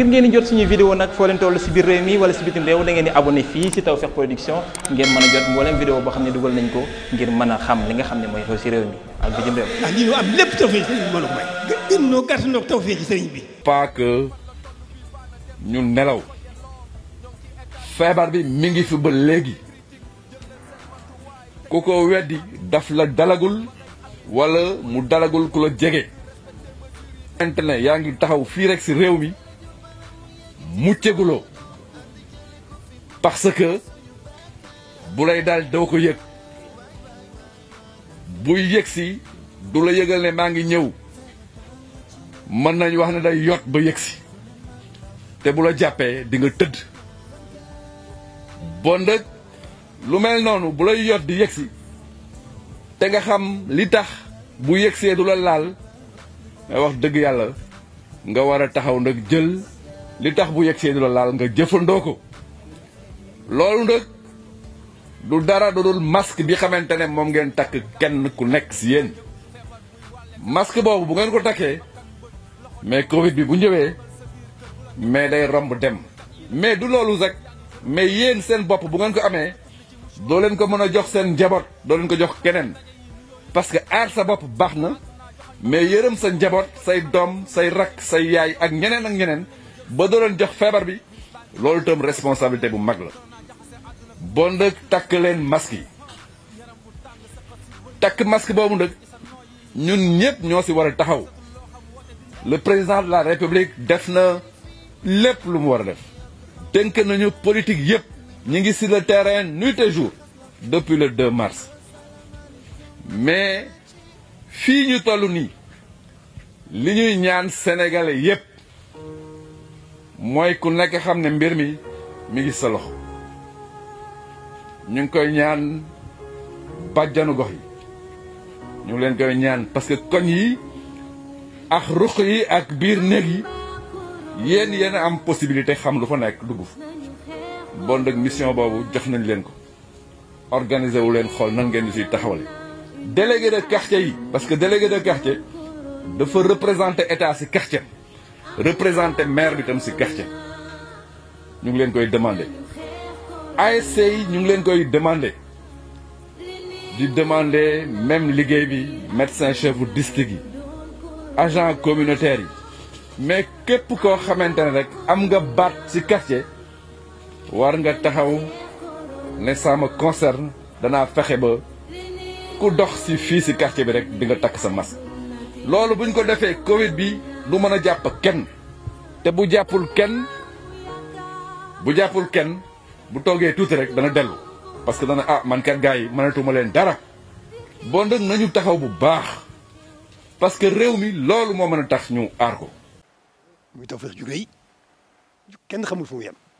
ngir ngeen di jot suñuy vidéo nag foo leen toll si biir réew mi wala si bitim réew da ngeen di abonné fii si Tawfekh a jot mboolem vidéo ne dugal nañ ko ngir mën a xam li nga xam ne mooy xew si ñu ah, am lépp Tawfekh sëriñ bi mën a may. gën bi. pas que nelaw feebar bi mi ngi fi ba léegi ku ko weddi daf la dalagul walla mu dalagul ku la jege. internet yaa ngi taxaw fii rek si réew mi. mucceguloo parce que bu lay daal doo ko yëg buy yëg si du la yëgal ne maa ngi ñëw mën nañu wax ne day yot ba yëg si te bu la jàppee di tëdd bon nag lu mel noonu bu lay yot di yëg si te nga xam li tax bu yëgsee du la laal mais wax dëgg yàlla nga war a taxaw nag jël li tax bu yegsee du la laal nga jëfandoo ko loolu nag du dara du dul masque bi xamante ne moom ngeen takk kenn ku nekk si yéen masque boobu bu ngeen ko takkee mais Covid bi bu ñëwee mais day romb dem. mais du loolu rek mais yéen seen bopp bu ngeen ko amee doo leen ko mën a jox seen njaboot doo leen ko jox keneen parce que aar sa bopp baax na mais yërëm sa njaboot say doom say rakk say yaay ak ñeneen ak ñeneen. ba doon jox feebar bi loolu itam responsabilité bu mag la bon nag takk leen masque yi takk masque boobu nag ñun ñëpp ñoo ci war a taxaw le président de la république def na lépp lu mu war a def tënk nañu politique yëpp ñi ngi si le terrain nuit et jour depuis le 2 mars mais fii ñu toll nii li ñuy ñaan sénégalais yëpp mooy ku nekk xam ne mbir mi mi ngi sa loxo ñu ngi koy ñaan bàjjanu gox yi ñu ngi leen koy ñaan parce que koñ yi ak ruq yi ak biir néeg yi yéen yéen a am possibilité xam lu fa nekk dugg fu bon nag mission boobu jox nañ leen ko organiser wu leen xool nan ngeen di siy taxawale délégué de quartier yi parce que délégué de quartier dafa représenter état si quartier représenté maire bi tam si quartier ñu ngi leen koy demandé ay yi ñu ngi leen koy demandé di demandé même liggéey bi médecin chef bu district yi agent communautaire yi mais képp koo xamante ne rek am nga baat si quartier war nga taxaw ne sàmm me danaa fexe ba ku dox si fii si quartier bi rek di nga takk sa masque loolu buñ ko defee Covid bi du mën a jàpp kenn te bu jàppul kenn bu jàppul kenn bu toogee tuuti rek dana dellu parce que dana ah man kat gars yi mënatuma leen dara bon nag nañu taxaw bu baax parce que réew mi loolu moo mën a tax ñu aar ko. muy Tawfekh ju rëy kenn xamul fu mu